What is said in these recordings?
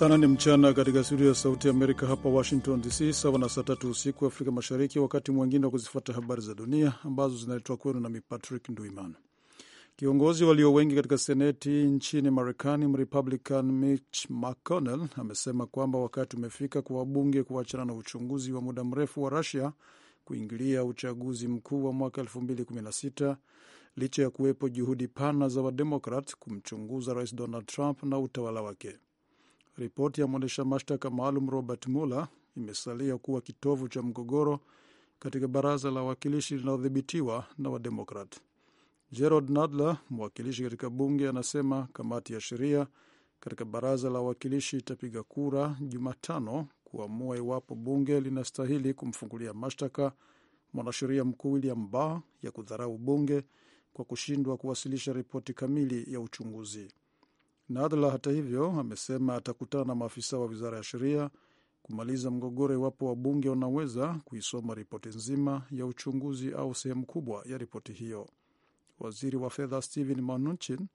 sana. Ni mchana katika studio ya Sauti ya Amerika hapa Washington DC, sawa na saa tatu usiku Afrika Mashariki. Wakati mwingine wa kuzifuata habari za dunia ambazo zinaletwa kwenu nami Patrick Nduiman. Kiongozi walio wengi katika seneti nchini Marekani, Mrepublican Mitch McConnell amesema kwamba wakati umefika kwa wabunge kuachana na uchunguzi wa muda mrefu wa Rusia kuingilia uchaguzi mkuu wa mwaka 2016 licha ya kuwepo juhudi pana za Wademokrat kumchunguza Rais Donald Trump na utawala wake. Ripoti ya mwendesha mashtaka maalum Robert Mueller imesalia kuwa kitovu cha mgogoro katika baraza la wawakilishi linalodhibitiwa na Wademokrat. Gerald Nadler, mwakilishi katika bunge, anasema kamati ya sheria katika baraza la wawakilishi itapiga kura Jumatano kuamua iwapo bunge linastahili kumfungulia mashtaka mwanasheria mkuu William Barr ya kudharau bunge kwa kushindwa kuwasilisha ripoti kamili ya uchunguzi. Nadla hata hivyo amesema atakutana na maafisa wa wizara ya sheria kumaliza mgogoro iwapo wabunge wanaweza kuisoma ripoti nzima ya uchunguzi au sehemu kubwa ya ripoti hiyo. Waziri wa fedha stephen Mnuchin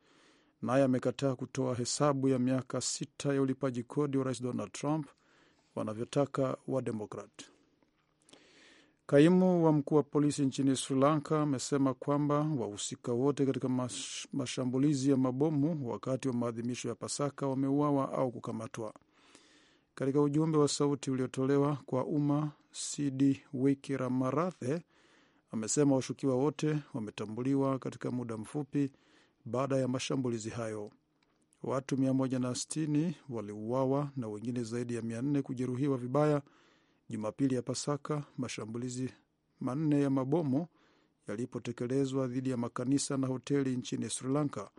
naye amekataa kutoa hesabu ya miaka sita ya ulipaji kodi wa rais Donald Trump wanavyotaka Wademokrat. Kaimu wa mkuu wa polisi nchini Sri Lanka amesema kwamba wahusika wote katika mash, mashambulizi ya mabomu wakati wa maadhimisho ya Pasaka wameuawa au kukamatwa. Katika ujumbe wa sauti uliotolewa kwa umma, Sidi Wiki Ramarathe amesema washukiwa wote wametambuliwa katika muda mfupi baada ya mashambulizi hayo. Watu 160 waliuawa na wengine zaidi ya 400 kujeruhiwa vibaya Jumapili ya Pasaka, mashambulizi manne ya mabomu yalipotekelezwa dhidi ya makanisa na hoteli nchini Sri Lanka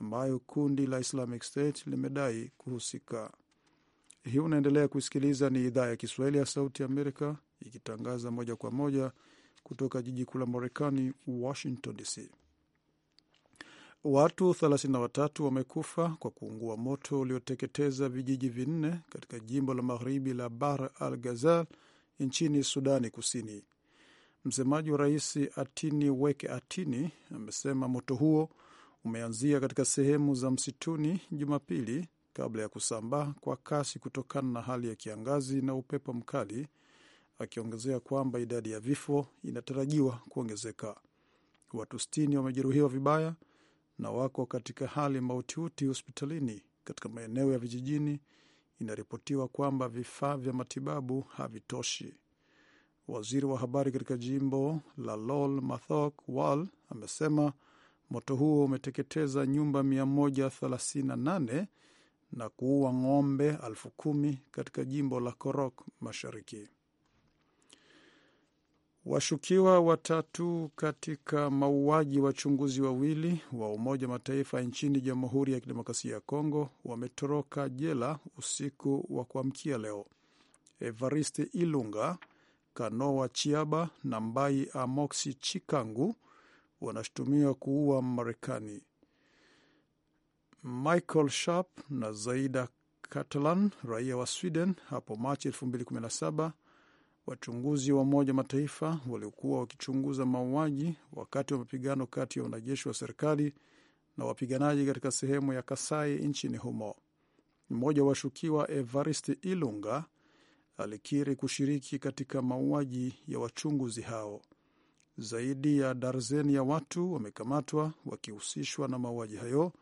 ambayo kundi la Islamic State limedai kuhusika. Hii unaendelea kusikiliza, ni idhaa ya Kiswahili ya Sauti ya Amerika ikitangaza moja kwa moja kutoka jiji kuu la Marekani, Washington DC. Watu 33 wamekufa kwa kuungua moto ulioteketeza vijiji vinne katika jimbo la magharibi la Bahr al Ghazal nchini Sudani Kusini. Msemaji wa rais Atini Weke Atini amesema moto huo umeanzia katika sehemu za msituni Jumapili kabla ya kusambaa kwa kasi kutokana na hali ya kiangazi na upepo mkali, akiongezea kwamba idadi ya vifo inatarajiwa kuongezeka. Watu sitini wamejeruhiwa vibaya na wako katika hali mautiuti hospitalini katika maeneo ya vijijini, inaripotiwa kwamba vifaa vya matibabu havitoshi. Waziri wa habari katika jimbo la Lol Mathok Wal amesema moto huo umeteketeza nyumba 138 na kuua ng'ombe elfu kumi katika jimbo la Korok Mashariki. Washukiwa watatu katika mauaji wachunguzi wawili wa Umoja Mataifa nchini Jamhuri ya Kidemokrasia ya Kongo wametoroka jela usiku wa kuamkia leo. Evariste Ilunga Kanowa Chiaba na Mbai Amoksi Chikangu wanashutumiwa kuua Marekani. Michael Sharp na Zaida Catalan raia wa Sweden hapo Machi Wachunguzi wa Umoja Mataifa waliokuwa wakichunguza mauaji wakati wa mapigano kati ya wanajeshi wa serikali na wapiganaji katika sehemu ya Kasai nchini humo. Mmoja wa washukiwa Evarist Ilunga alikiri kushiriki katika mauaji ya wachunguzi hao. Zaidi ya darzeni ya watu wamekamatwa wakihusishwa na mauaji hayo,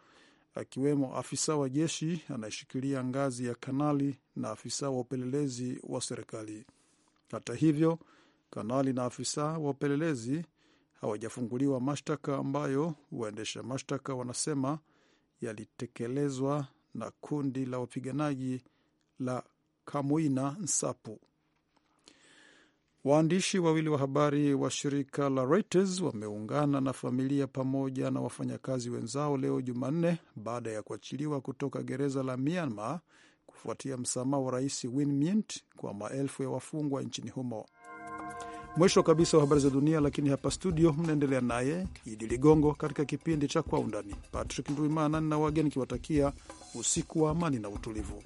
akiwemo afisa wa jeshi anayeshikilia ngazi ya kanali na afisa wa upelelezi wa serikali. Hata hivyo, kanali na afisa wa upelelezi hawajafunguliwa mashtaka ambayo waendesha mashtaka wanasema yalitekelezwa na kundi la wapiganaji la Kamuina Nsapu. Waandishi wawili wa habari wa shirika la Reuters wameungana na familia pamoja na wafanyakazi wenzao leo Jumanne baada ya kuachiliwa kutoka gereza la Myanmar kufuatia msamaha wa rais Win Myint kwa maelfu ya wafungwa nchini humo. Mwisho kabisa wa habari za dunia, lakini hapa studio mnaendelea naye Idi Ligongo katika kipindi cha Kwa Undani. Patrick Nduimana na wageni kiwatakia usiku wa amani na utulivu.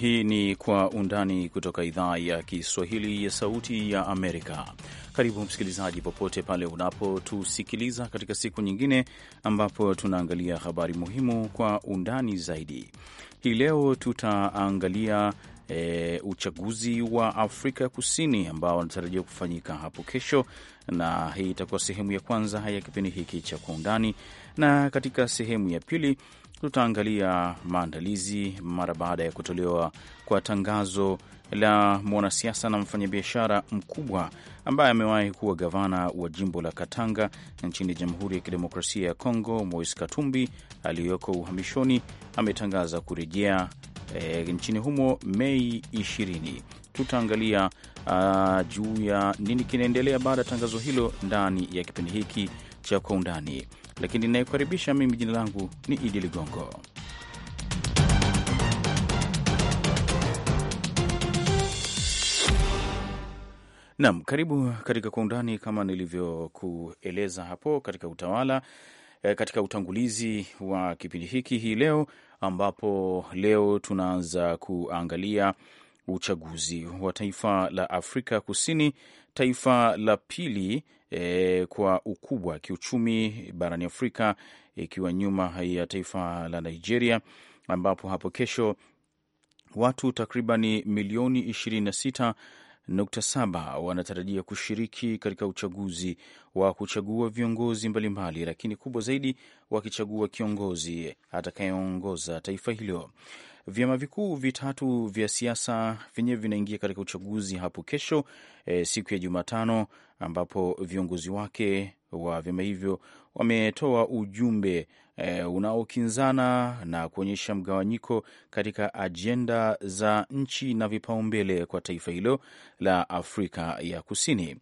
Hii ni Kwa Undani kutoka idhaa ya Kiswahili ya Sauti ya Amerika. Karibu msikilizaji, popote pale unapotusikiliza katika siku nyingine ambapo tunaangalia habari muhimu kwa undani zaidi. Hii leo tutaangalia E, uchaguzi wa Afrika Kusini ambao wanatarajiwa kufanyika hapo kesho, na hii itakuwa sehemu ya kwanza ya kipindi hiki cha Kwa Undani, na katika sehemu ya pili tutaangalia maandalizi mara baada ya kutolewa kwa tangazo la mwanasiasa na mfanyabiashara mkubwa ambaye amewahi kuwa gavana wa jimbo la Katanga nchini Jamhuri ya Kidemokrasia ya Kongo, Moise Katumbi aliyoko uhamishoni ametangaza kurejea e, nchini humo Mei 20. Tutaangalia ah, juu ya nini kinaendelea baada ya tangazo hilo ndani ya kipindi hiki cha Kwa Undani lakini ninayekukaribisha mimi, jina langu ni Idi Ligongo. Naam, karibu katika Kwa Undani. Kama nilivyokueleza hapo katika utawala eh, katika utangulizi wa kipindi hiki hii leo, ambapo leo tunaanza kuangalia uchaguzi wa taifa la Afrika Kusini, taifa la pili e, kwa ukubwa kiuchumi barani Afrika ikiwa e, nyuma ya taifa la Nigeria, ambapo hapo kesho watu takribani milioni 26.7 wanatarajia kushiriki katika uchaguzi wa kuchagua viongozi mbalimbali, lakini kubwa zaidi wakichagua kiongozi atakayeongoza taifa hilo. Vyama vikuu vitatu vya siasa vyenyewe vinaingia katika uchaguzi hapo kesho, e, siku ya Jumatano, ambapo viongozi wake wa vyama hivyo wametoa ujumbe e, unaokinzana na kuonyesha mgawanyiko katika ajenda za nchi na vipaumbele kwa taifa hilo la Afrika ya Kusini.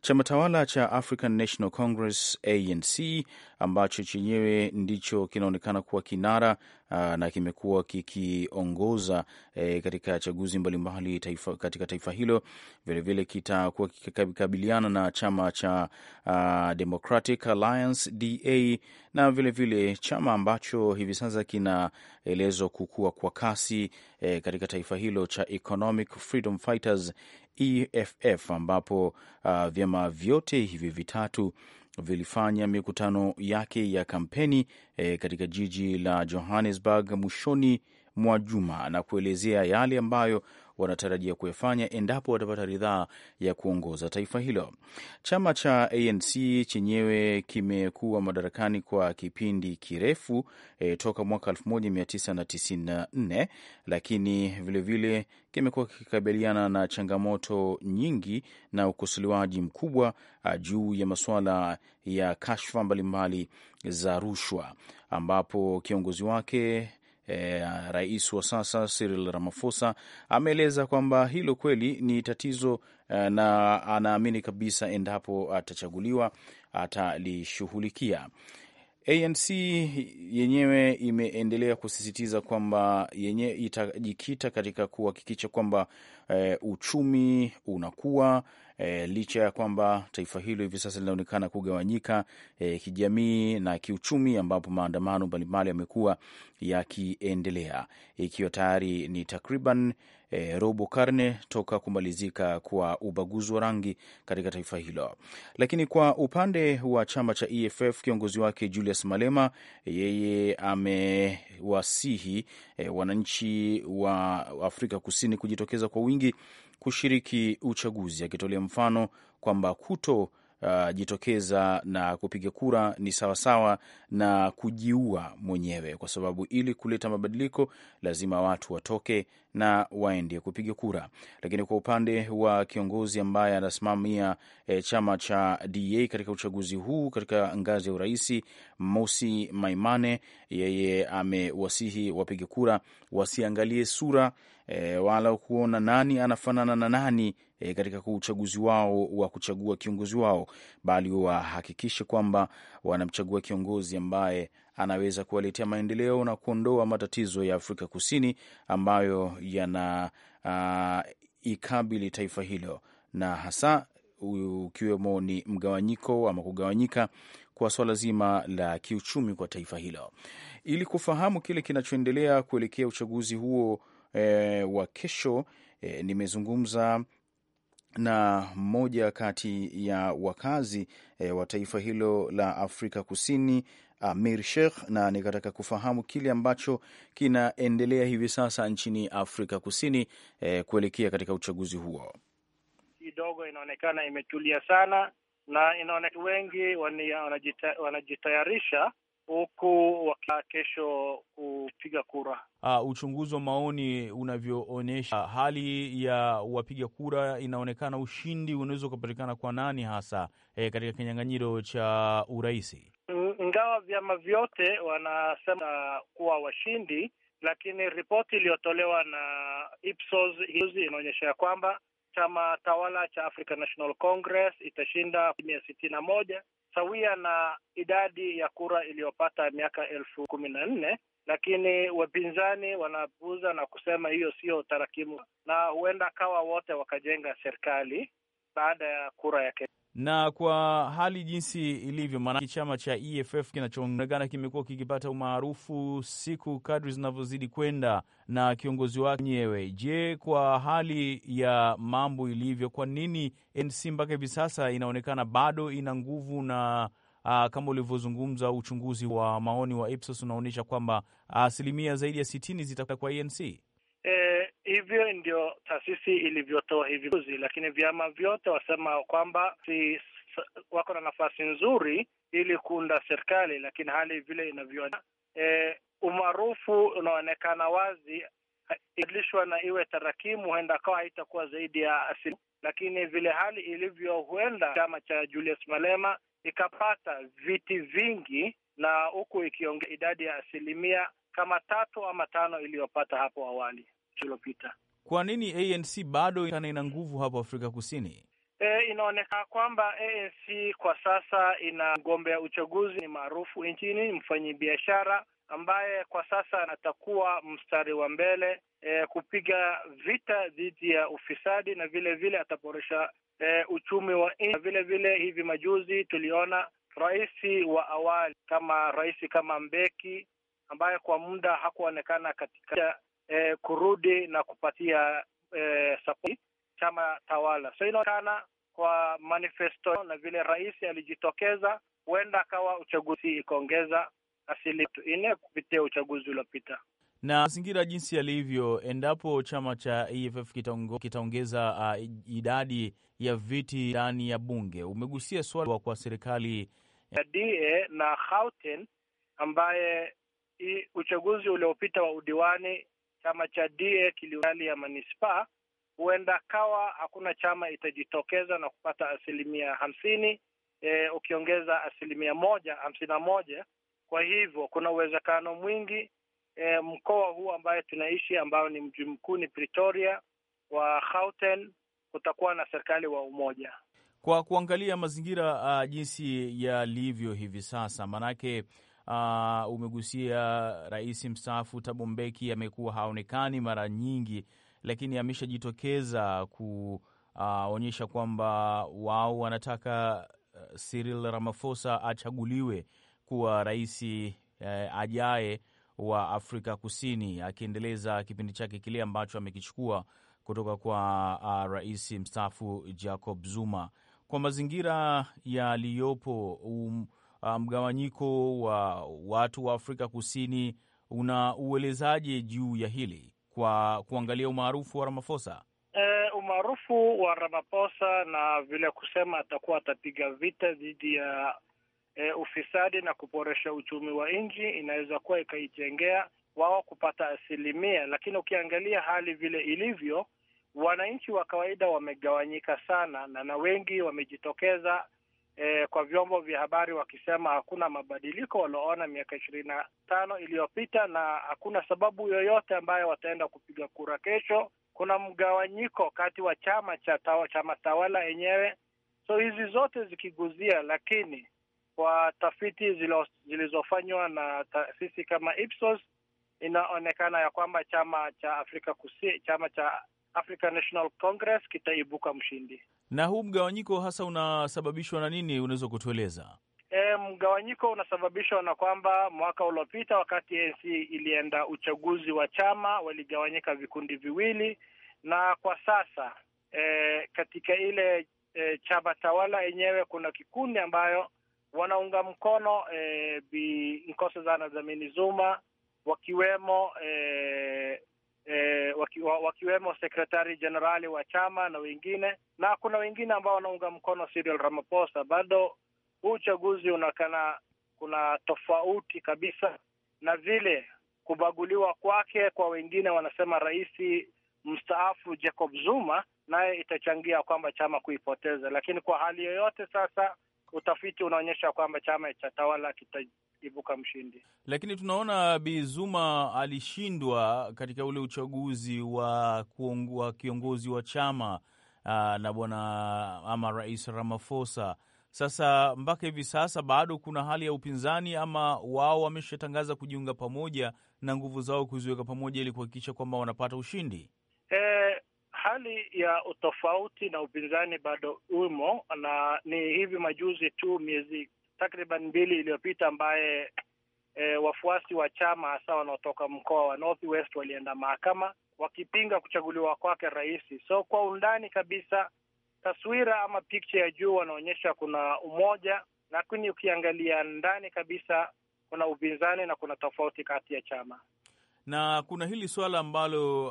Chama tawala cha African National Congress ANC ambacho chenyewe ndicho kinaonekana kuwa kinara aa, ah, na kimekuwa kikiongoza e, katika chaguzi mbalimbali taifa, katika taifa hilo. Vilevile kitakuwa kikikabiliana na chama cha aa, ah, Democratic Alliance DA na vilevile vile chama ambacho hivi sasa kinaelezwa kukua kwa kasi e, katika taifa hilo cha Economic Freedom Fighters EFF ambapo uh, vyama vyote hivi vitatu vilifanya mikutano yake ya kampeni e, katika jiji la Johannesburg mwishoni mwa juma na kuelezea yale ambayo wanatarajia kuyafanya endapo watapata ridhaa ya kuongoza taifa hilo. Chama cha ANC chenyewe kimekuwa madarakani kwa kipindi kirefu e, toka mwaka 1994 lakini vilevile kimekuwa kikikabiliana na changamoto nyingi na ukosolewaji mkubwa ah, juu ya masuala ya kashfa mbalimbali za rushwa ambapo kiongozi wake eh, rais wa sasa Cyril Ramaphosa ameeleza kwamba hilo kweli ni tatizo eh, na anaamini kabisa endapo atachaguliwa atalishughulikia. ANC yenyewe imeendelea kusisitiza kwamba yenyewe itajikita katika kuhakikisha kwamba e, uchumi unakuwa e, eh, licha ya kwamba taifa hilo hivi sasa linaonekana kugawanyika e, kijamii na kiuchumi, ambapo maandamano mbalimbali yamekuwa yakiendelea, ikiwa tayari ni takriban e, robo karne toka kumalizika kwa ubaguzi wa rangi katika taifa hilo. Lakini kwa upande wa chama cha EFF kiongozi wake Julius Malema yeye amewasihi e, wananchi wa Afrika Kusini kujitokeza kwa wingi kushiriki uchaguzi, akitolea mfano kwamba kuto Uh, jitokeza na kupiga kura ni sawasawa na kujiua mwenyewe, kwa sababu ili kuleta mabadiliko lazima watu watoke na waende kupiga kura. Lakini kwa upande wa kiongozi ambaye anasimamia e, chama cha DA katika uchaguzi huu katika ngazi ya urahisi Mosi Maimane, yeye amewasihi wapiga kura wasiangalie sura e, wala kuona nani anafanana na nani e, katika uchaguzi wao wa kuchagua kiongozi wao, bali wahakikishe kwamba wanamchagua kiongozi ambaye anaweza kuwaletea maendeleo na kuondoa matatizo ya Afrika Kusini ambayo yana uh, ikabili taifa hilo na hasa ukiwemo ni mgawanyiko ama kugawanyika kwa swala zima la kiuchumi kwa taifa hilo. Ili kufahamu kile kinachoendelea kuelekea uchaguzi huo e, wa kesho e, nimezungumza na mmoja kati ya wakazi e, wa taifa hilo la Afrika Kusini Amir Sheikh, na nikataka kufahamu kile ambacho kinaendelea hivi sasa nchini Afrika Kusini e, kuelekea katika uchaguzi huo. Kidogo inaonekana imetulia sana na inaonekana wengi wanajitayarisha huku kesho kupiga kura. Uh, uchunguzi wa maoni unavyoonyesha hali ya wapiga kura, inaonekana ushindi unaweza ukapatikana kwa nani hasa eh, katika kinyang'anyiro cha uraisi? Ingawa vyama vyote wanasema kuwa washindi, lakini ripoti iliyotolewa na Ipsos inaonyesha ya kwamba chama tawala cha African National Congress itashinda asilimia sitini na moja sawia na idadi ya kura iliyopata miaka elfu kumi na nne lakini wapinzani wanapuuza na kusema hiyo sio tarakimu, na huenda kawa wote wakajenga serikali baada ya kura ya Kenya na kwa hali jinsi ilivyo, maanake chama cha EFF kinachoonekana kimekuwa kikipata umaarufu siku kadri zinavyozidi kwenda na kiongozi wake mwenyewe. Je, kwa hali ya mambo ilivyo, kwa nini NC mpaka hivi sasa inaonekana bado ina nguvu na Uh, kama ulivyozungumza uchunguzi wa maoni wa Ipsos unaonyesha kwamba asilimia uh, zaidi ya 60 zitakuwa kwa ANC. Eh, hivyo ndio taasisi ilivyotoa hivi juzi, lakini vyama vyote wasema kwamba si wako na nafasi nzuri ili kuunda serikali, lakini hali vile inavyo eh, umaarufu unaonekana wazi, ibadilishwa na iwe tarakimu, huenda kawa haitakuwa zaidi ya asili, lakini vile hali ilivyo, huenda chama cha Julius Malema ikapata viti vingi, na huku ikiongea idadi ya asilimia kama tatu ama tano iliyopata hapo awali kilichopita. Kwa nini ANC bado ina nguvu hapo Afrika Kusini? E, inaonekana kwamba ANC kwa sasa ina mgombea uchaguzi ni maarufu nchini, biashara ambaye kwa sasa atakuwa mstari wa mbele e, kupiga vita dhidi ya ufisadi na vile vile ataboresha e, uchumi wa nchi na vile vile, hivi majuzi tuliona rais wa awali kama rais kama Mbeki ambaye kwa muda hakuonekana katika eh, kurudi na kupatia eh, support chama tawala. So inaonekana kwa manifesto na vile rais alijitokeza, huenda akawa uchaguzi ikaongeza asilimia nne kupitia uchaguzi uliopita na mazingira jinsi yalivyo, endapo chama cha EFF kitaongeza uh, idadi ya viti ndani ya bunge. Umegusia swala kwa serikali ya eh, DA na Gauteng ambaye uchaguzi uliopita wa udiwani chama cha DA kiliali ya manispaa, huenda kawa hakuna chama itajitokeza na kupata asilimia hamsini e, ukiongeza asilimia moja hamsini na moja. Kwa hivyo kuna uwezekano mwingi e, mkoa huu ambayo tunaishi ambayo ni mji mkuu ni Pretoria wa Gauteng kutakuwa na serikali wa umoja kwa kuangalia mazingira uh, jinsi yalivyo hivi sasa, maanake uh, umegusia rais mstaafu Thabo Mbeki amekuwa haonekani mara nyingi, lakini ameshajitokeza kuonyesha uh, kwamba wao wanataka eh, Cyril Ramaphosa achaguliwe kuwa rais eh, ajaye wa Afrika Kusini, akiendeleza kipindi chake kile ambacho amekichukua kutoka kwa uh, rais mstaafu Jacob Zuma. Kwa mazingira yaliyopo, um, Ah, mgawanyiko wa watu wa Afrika Kusini una uelezaje juu ya hili kwa kuangalia umaarufu wa Ramaphosa? E, umaarufu wa Ramaphosa na vile kusema atakuwa atapiga vita dhidi ya e, ufisadi na kuboresha uchumi wa nchi inaweza kuwa ikaijengea wao kupata asilimia, lakini ukiangalia hali vile ilivyo, wananchi wa kawaida wamegawanyika sana na na wengi wamejitokeza e, kwa vyombo vya habari wakisema hakuna mabadiliko walioona miaka ishirini na tano iliyopita na hakuna sababu yoyote ambayo wataenda kupiga kura kesho. Kuna mgawanyiko kati wa chama cha tawa, chama tawala yenyewe, so hizi zote zikiguzia, lakini kwa tafiti zilo, zilizofanywa na taasisi kama Ipsos inaonekana ya kwamba chama cha Afrika Kusini, chama cha African National Congress kitaibuka mshindi. Na huu mgawanyiko hasa unasababishwa na nini? Unaweza kutueleza? E, mgawanyiko unasababishwa na kwamba mwaka uliopita wakati ANC ilienda uchaguzi wa chama waligawanyika vikundi viwili, na kwa sasa e, katika ile e, chama tawala yenyewe kuna kikundi ambayo wanaunga mkono e, Bi Nkosazana Dlamini Zuma wakiwemo e, e, waki, wakiwemo sekretari jenerali wa chama na wengine, na kuna wengine ambao wanaunga mkono Cyril Ramaphosa. Bado huu uchaguzi unakana kuna tofauti kabisa na vile kubaguliwa kwake. Kwa wengine wanasema rais mstaafu Jacob Zuma naye itachangia kwamba chama kuipoteza, lakini kwa hali yoyote sasa utafiti unaonyesha kwamba chama cha tawala kita, kuibuka mshindi. Lakini tunaona Bi Zuma alishindwa katika ule uchaguzi wa kuongua kiongozi wa chama ah, na bwana ama Rais Ramaphosa. Sasa mpaka hivi sasa bado kuna hali ya upinzani, ama wao wameshatangaza kujiunga pamoja na nguvu zao kuziweka pamoja ili kuhakikisha kwamba wanapata ushindi. E, hali ya utofauti na upinzani bado umo, na ni hivi majuzi tu, miezi takriban mbili iliyopita ambaye e, wafuasi wa chama hasa wanaotoka mkoa wa North West walienda mahakama wakipinga kuchaguliwa kwake rais. So kwa undani kabisa taswira ama picha ya juu wanaonyesha kuna umoja, lakini ukiangalia ndani kabisa kuna upinzani na kuna tofauti kati ya chama na kuna hili swala ambalo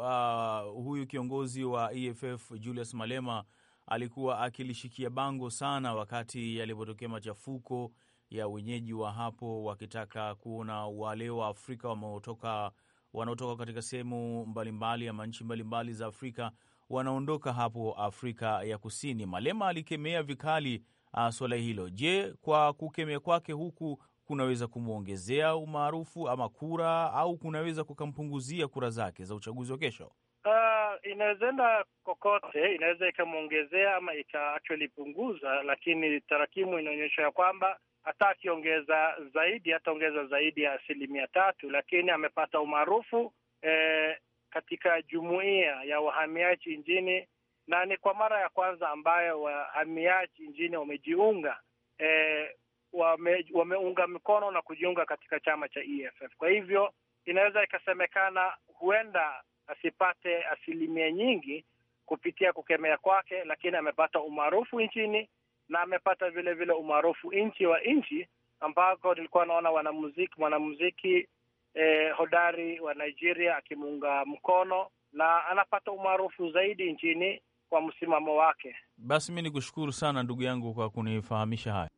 uh, huyu kiongozi wa EFF Julius Malema alikuwa akilishikia bango sana wakati yalipotokea machafuko ya wenyeji wa hapo, wakitaka kuona wale wa Afrika wanaotoka wanaotoka katika sehemu mbalimbali ama nchi mbalimbali za Afrika wanaondoka hapo Afrika ya Kusini. Malema alikemea vikali uh, ah, suala hilo. Je, kwa kukemea kwake huku kunaweza kumwongezea umaarufu ama kura au kunaweza kukampunguzia kura zake za uchaguzi wa kesho? Uh, inawezaenda kokote, inaweza ikamwongezea ama ika actually punguza, lakini tarakimu inaonyesha ya kwamba hata akiongeza zaidi hataongeza zaidi ya asilimia tatu, lakini amepata umaarufu eh, katika jumuiya ya wahamiaji nchini, na ni kwa mara ya kwanza ambayo wahamiaji nchini wamejiunga eh, wame, wameunga mkono na kujiunga katika chama cha EFF. Kwa hivyo inaweza ikasemekana huenda asipate asilimia nyingi kupitia kukemea kwake, lakini amepata umaarufu nchini na amepata vile vile umaarufu nchi wa nchi, ambako nilikuwa naona wanamuziki mwanamuziki eh, hodari wa Nigeria akimuunga mkono na anapata umaarufu zaidi nchini kwa msimamo wake. Basi mi ni kushukuru sana ndugu yangu kwa kunifahamisha haya.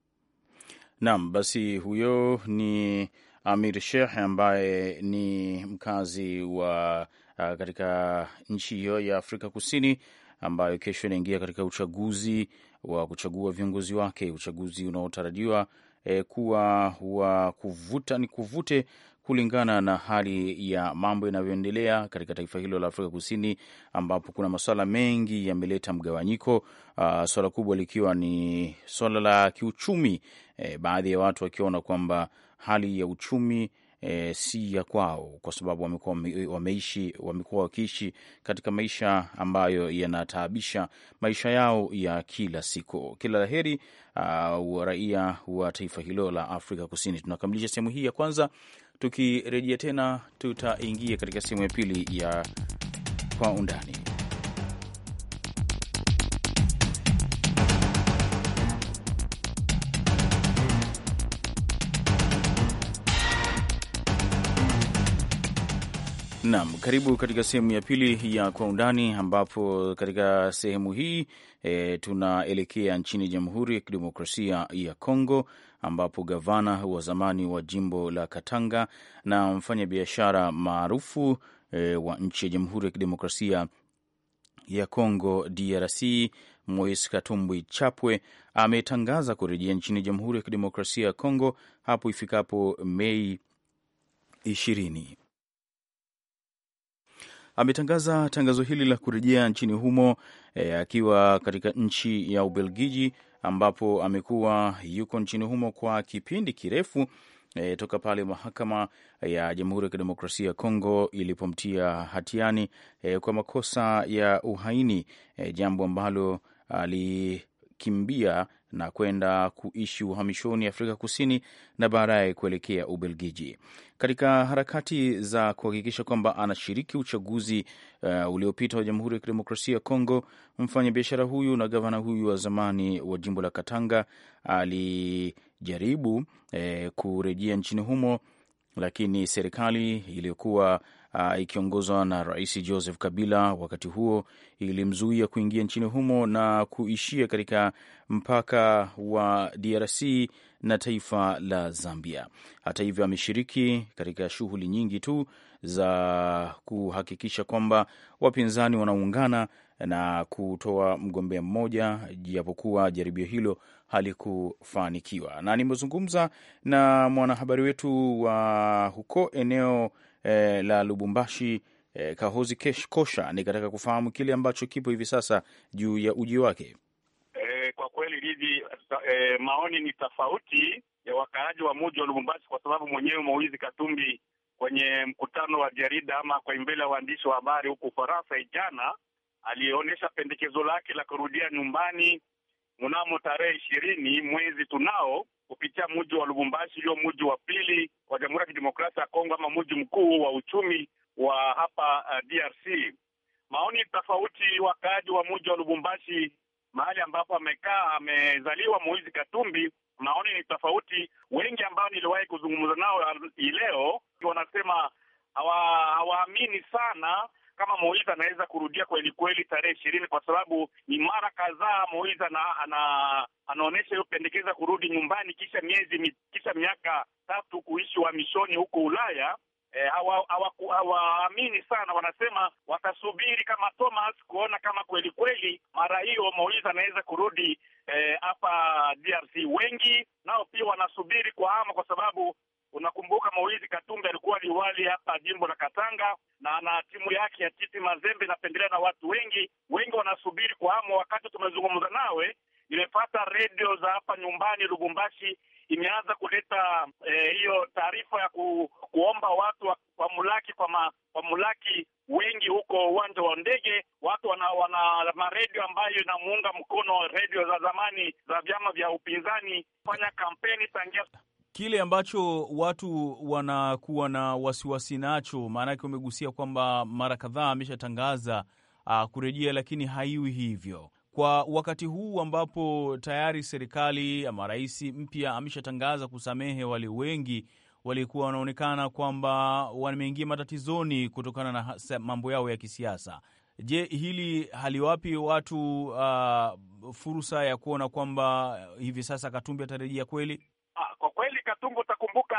Naam, basi huyo ni Amir Sheikh ambaye ni mkazi wa Ah, katika nchi hiyo ya Afrika Kusini ambayo kesho inaingia katika uchaguzi wa kuchagua viongozi wake, uchaguzi unaotarajiwa e, kuwa wa kuvuta ni kuvute kulingana na hali ya mambo inavyoendelea katika taifa hilo la Afrika Kusini, ambapo kuna masuala mengi yameleta mgawanyiko, ah, swala kubwa likiwa ni swala la kiuchumi. E, baadhi ya watu wakiona kwamba hali ya uchumi e, si ya kwao, kwa sababu wamekuwa wameishi wamekuwa wakiishi katika maisha ambayo yanataabisha maisha yao ya kila siku. Kila laheri uh, raia wa taifa hilo la Afrika Kusini. Tunakamilisha sehemu hii ya kwanza, tukirejea tena tutaingia katika sehemu ya pili ya kwa undani. Naam, karibu katika sehemu ya pili ya Kwa Undani, ambapo katika sehemu hii e, tunaelekea nchini Jamhuri ya Kidemokrasia ya Kongo, ambapo gavana wa zamani wa jimbo la Katanga na mfanyabiashara maarufu e, wa nchi ya Jamhuri ya Kidemokrasia ya Kongo DRC Moise Katumbi Chapwe ametangaza kurejea nchini Jamhuri ya Kidemokrasia ya Kongo hapo ifikapo Mei ishirini ametangaza tangazo hili la kurejea nchini humo e, akiwa katika nchi ya Ubelgiji ambapo amekuwa yuko nchini humo kwa kipindi kirefu e, toka pale mahakama ya Jamhuri ya Kidemokrasia ya Kongo ilipomtia hatiani e, kwa makosa ya uhaini e, jambo ambalo alikimbia na kwenda kuishi uhamishoni Afrika Kusini na baadaye kuelekea Ubelgiji. Katika harakati za kuhakikisha kwamba anashiriki uchaguzi uh, uliopita wa Jamhuri ya Kidemokrasia ya Kongo, mfanyabiashara huyu na gavana huyu wa zamani wa jimbo la Katanga alijaribu eh, kurejea nchini humo, lakini serikali iliyokuwa uh, ikiongozwa na Rais Joseph Kabila wakati huo, ilimzuia kuingia nchini humo na kuishia katika mpaka wa DRC na taifa la Zambia. Hata hivyo, ameshiriki katika shughuli nyingi tu za kuhakikisha kwamba wapinzani wanaungana na kutoa mgombea mmoja, japokuwa jaribio hilo halikufanikiwa. Na nimezungumza na mwanahabari wetu wa huko eneo eh, la Lubumbashi eh, Kahozi Kesh Kosha, nikataka kufahamu kile ambacho kipo hivi sasa juu ya uji wake. Eh, kwa kweli hivi eh, maoni ni tofauti ya wakaaji wa muji wa Lubumbashi kwa sababu mwenyewe Moizi Katumbi kwenye mkutano wa jarida ama kwa mbele ya waandishi wa habari huku Ufaransa ijana alionyesha pendekezo lake la kurudia nyumbani mnamo tarehe ishirini mwezi tunao kupitia mji wa Lubumbashi ulio mji wa pili wa Jamhuri ya Kidemokrasia ya Kongo ama mji mkuu wa uchumi wa hapa uh, DRC. Maoni tofauti wakaaji wa mji wa Lubumbashi, mahali ambapo amekaa amezaliwa Moizi Katumbi, maoni ni tofauti. Wengi ambao niliwahi kuzungumza nao uh, leo wanasema hawaamini sana kama Moiza anaweza kurudia kweli kweli tarehe ishirini, kwa sababu ni mara kadhaa Moiza na, ana anaonyesha hiyo pendekeza kurudi nyumbani kisha miezi kisha miaka tatu kuishi uhamishoni huko Ulaya. E, eh, hawaamini hawa, hawa sana, wanasema watasubiri kama Thomas kuona kama kweli kweli mara hiyo Moiza anaweza kurudi eh, hapa e, DRC. Wengi nao pia wanasubiri kwa ama, kwa sababu Unakumbuka Moizi Katumbi alikuwa liwali hapa jimbo la Katanga na ana timu yake ya Titi Mazembe inapendelea na watu wengi. Wengi wanasubiri kwa hamu. Wakati tumezungumza nawe, nimepata redio za hapa nyumbani Lubumbashi imeanza kuleta eh, hiyo eh, taarifa ya ku, kuomba watu wamulaki kwa ma, mulaki wengi huko uwanja wa ndege. Watu wana, wana maredio ambayo inamuunga mkono redio za zamani za vyama vya upinzani fanya kampeni tangia kile ambacho watu wanakuwa na wasiwasi nacho, maanake umegusia kwamba mara kadhaa ameshatangaza uh, kurejea, lakini haiwi hivyo kwa wakati huu ambapo tayari serikali ama rais mpya ameshatangaza kusamehe wale wengi walikuwa wanaonekana kwamba wameingia matatizoni kutokana na mambo yao ya kisiasa. Je, hili haliwapi watu uh, fursa ya kuona kwamba hivi sasa Katumbi atarejea kweli?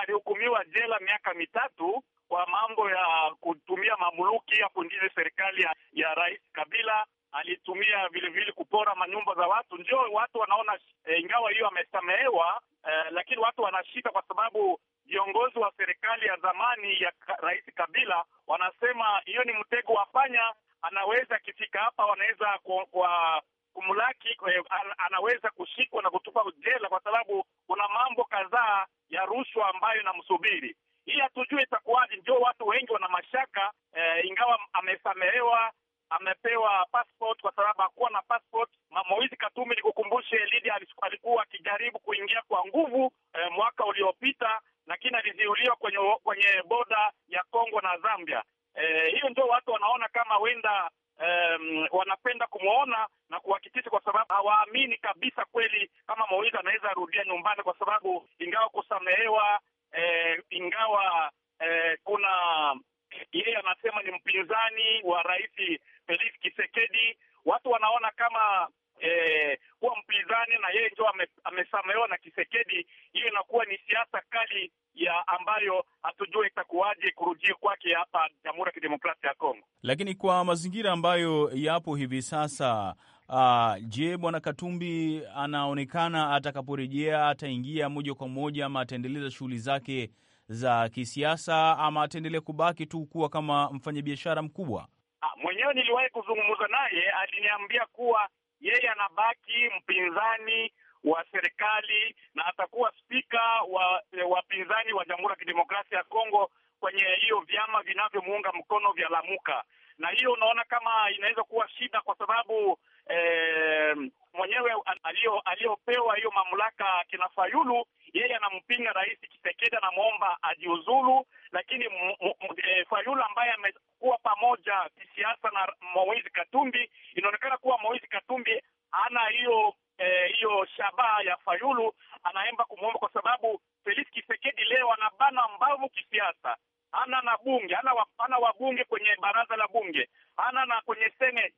alihukumiwa jela miaka mitatu kwa mambo ya kutumia mamluki hapo ndizi serikali ya, ya Rais Kabila alitumia vilevile kupora manyumba za watu. Ndio watu wanaona e, ingawa hiyo amesamehewa e, lakini watu wanashika kwa sababu viongozi wa serikali ya zamani ya Rais Kabila wanasema hiyo ni mtego wa panya, anaweza akifika hapa wanaweza kwa, kwa kumlaki, eh, anaweza kushikwa na kutupa jela kwa sababu kuna mambo kadhaa ya rushwa ambayo inamsubiri. Hii hatujui itakuwaje, ndio watu wengi wana mashaka eh, ingawa amesamehewa amepewa passport kwa sababu hakuwa na passport. Moizi Katumi, nikukumbushe, Lidia alikuwa akijaribu kuingia kwa nguvu eh, mwaka uliopita, lakini aliziuliwa kwenye kwenye boda ya Kongo na Zambia. Eh, hiyo ndio watu wanaona kama huenda Um, wanapenda kumwona na kuhakikisha, kwa sababu hawaamini kabisa kweli kama Moizi anaweza rudia nyumbani, kwa sababu ingawa kusamehewa eh, ingawa eh, kuna yeye anasema ni mpinzani wa Rais Felix Tshisekedi. Watu wanaona kama eh, kuwa mpinzani na yeye ndio ame, amesamehewa na Kisekedi. Hiyo inakuwa ni siasa kali ya ambayo hatujua itakuwaje kurudia kwake hapa Jamhuri ya Kidemokrasia ya Kongo, lakini kwa mazingira ambayo yapo hivi sasa Uh, je, bwana Katumbi anaonekana atakaporejea ataingia moja kwa moja ama ataendeleza shughuli zake za kisiasa ama ataendelea kubaki tu kuwa kama mfanyabiashara mkubwa? Ah, mwenyewe niliwahi kuzungumza naye, aliniambia kuwa yeye anabaki mpinzani wa serikali na atakuwa spika wa eh, wapinzani wa Jamhuri ya Kidemokrasia ya Kongo kwenye hiyo vyama vinavyomuunga mkono vya Lamuka, na hiyo unaona kama inaweza kuwa shida, kwa sababu mwenyewe aliyopewa hiyo mamlaka kina Fayulu, yeye anampinga Rais Tshisekedi, anamwomba ajiuzulu, lakini e, Fayulu ambaye amekuwa pamoja kisiasa na Moise Katumbi, inaonekana kuwa Moise Katumbi hana hiyo e, hiyo e, shabaha ya Fayulu, anaemba kumwomba kwa sababu Felix Tshisekedi leo anabana mbavu kisiasa hana na bunge hana wabunge kwenye baraza la bunge hana na kwenye seneti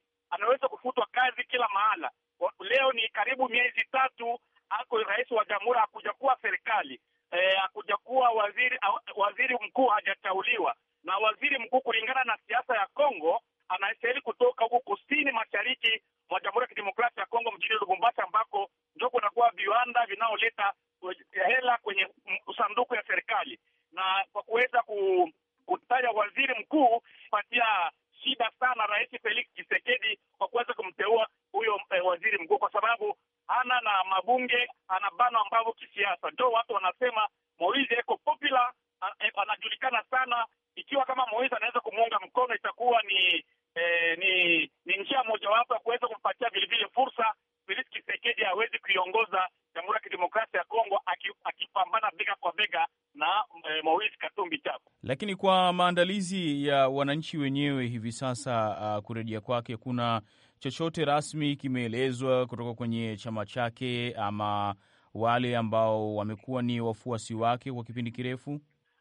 na e, Moise Katumbi Chapwe. Lakini kwa maandalizi ya wananchi wenyewe hivi sasa uh, kurejea kwake, kuna chochote rasmi kimeelezwa kutoka kwenye chama chake ama wale ambao wamekuwa ni wafuasi wake kwa kipindi kirefu?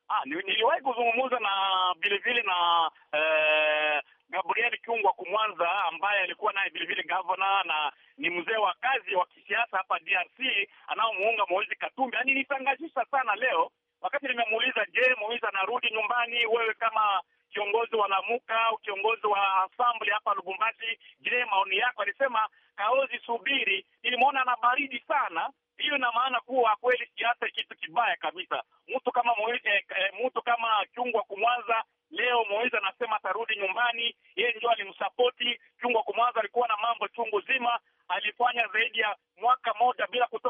Ah, niliwahi kuzungumza na vilevile na eh, Gabriel Kyungwa Kumwanza ambaye alikuwa naye vilevile gavana na ni mzee wa kazi wa kisiasa hapa DRC anaomuunga Moise Katumbi. Yaani nitangazisha sana leo Wakati nimemuuliza je, Moise anarudi nyumbani, wewe kama kiongozi wa Lamuka, kiongozi wa asambli hapa Lubumbashi, je, maoni yako? Alisema kaozi subiri, nilimwona ana baridi sana. Hiyo ina maana kuwa kweli siasa kitu kibaya kabisa. Mtu kama Moise, eh, eh, mtu kama Chungwa Kumwanza leo Moise anasema atarudi nyumbani, yeye ndio alimsapoti Chungwa Kumwanza. Alikuwa na mambo chungu zima, alifanya zaidi ya mwaka moja bila kutoka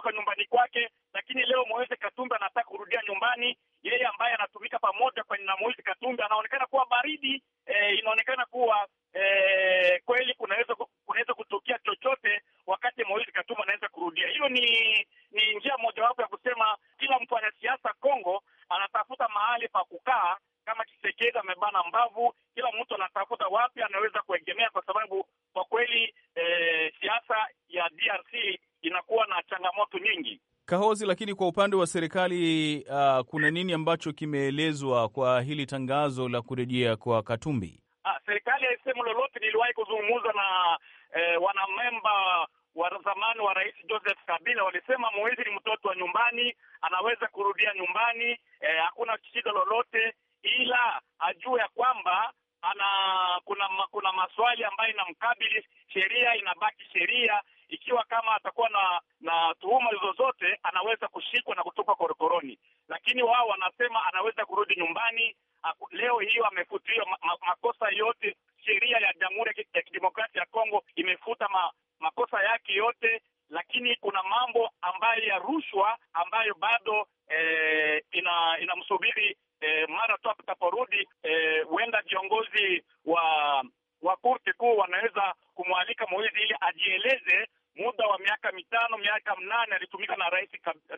Hozi, lakini kwa upande wa serikali uh, kuna nini ambacho kimeelezwa kwa hili tangazo la kurejea kwa Katumbi? Ah, serikali haisemu lolote. Niliwahi kuzungumza na eh, wanamemba wa zamani wa Rais Joseph Kabila, walisema mwizi ni mtoto wa nyumbani, anaweza kurudia nyumbani, eh, hakuna shida lolote, ila ajue ya kwamba ana kuna kuna maswali ambayo inamkabili. Sheria inabaki sheria ikiwa kama atakuwa na na tuhuma zozote, anaweza kushikwa na kutupwa korokoroni, lakini wao wanasema anaweza kurudi nyumbani. Leo hiyo amefutiwa ma, ma, makosa yote. Sheria ya Jamhuri ya Kidemokrasia ya Kongo imefuta ma, makosa yake yote, lakini kuna mambo ambayo ya rushwa ambayo bado eh, ina inamsubiri eh, mara tu atakaporudi eh, huenda eh, viongozi wa wa kuu wanaweza kumwalika Moizi ili ajieleze muda wa miaka mitano miaka mnane alitumika na Rais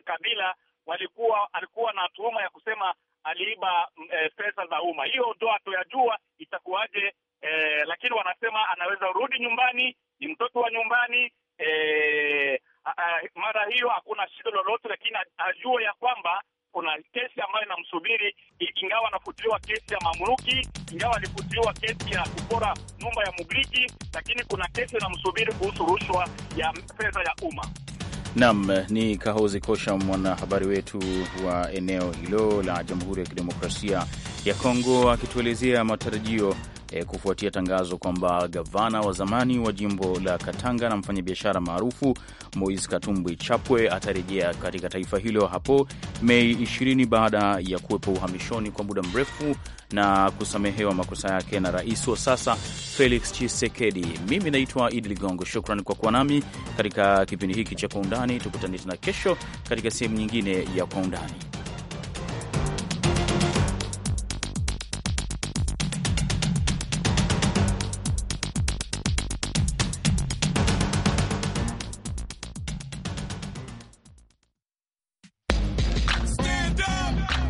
Kabila, walikuwa alikuwa na tuhuma ya kusema aliiba e, pesa za umma. Hiyo ndo hatoyajua itakuwaje, e, lakini wanasema anaweza rudi nyumbani, ni mtoto wa nyumbani e, a, a, mara hiyo hakuna shida lolote, lakini ajue ya kwamba kuna kesi ambayo inamsubiri, ingawa anafutiliwa kesi ya mamluki, ingawa alifutiliwa kesi ya kupora nyumba ya mugriki lakini kuna kesi inamsubiri kuhusu rushwa ya fedha ya umma. Nam ni Kahozi Kosha, mwanahabari wetu wa eneo hilo la Jamhuri ya Kidemokrasia ya Kongo, akituelezea matarajio e, kufuatia tangazo kwamba gavana wa zamani wa jimbo la Katanga na mfanyabiashara maarufu Moise Katumbi Chapwe atarejea katika taifa hilo hapo Mei 20 baada ya kuwepo uhamishoni kwa muda mrefu na kusamehewa makosa yake na rais wa sasa Felix Tshisekedi. Mimi naitwa Idi Ligongo, shukran kwa kuwa nami katika kipindi hiki cha Kwa Undani. Tukutane tena kesho katika sehemu nyingine ya Kwa Undani.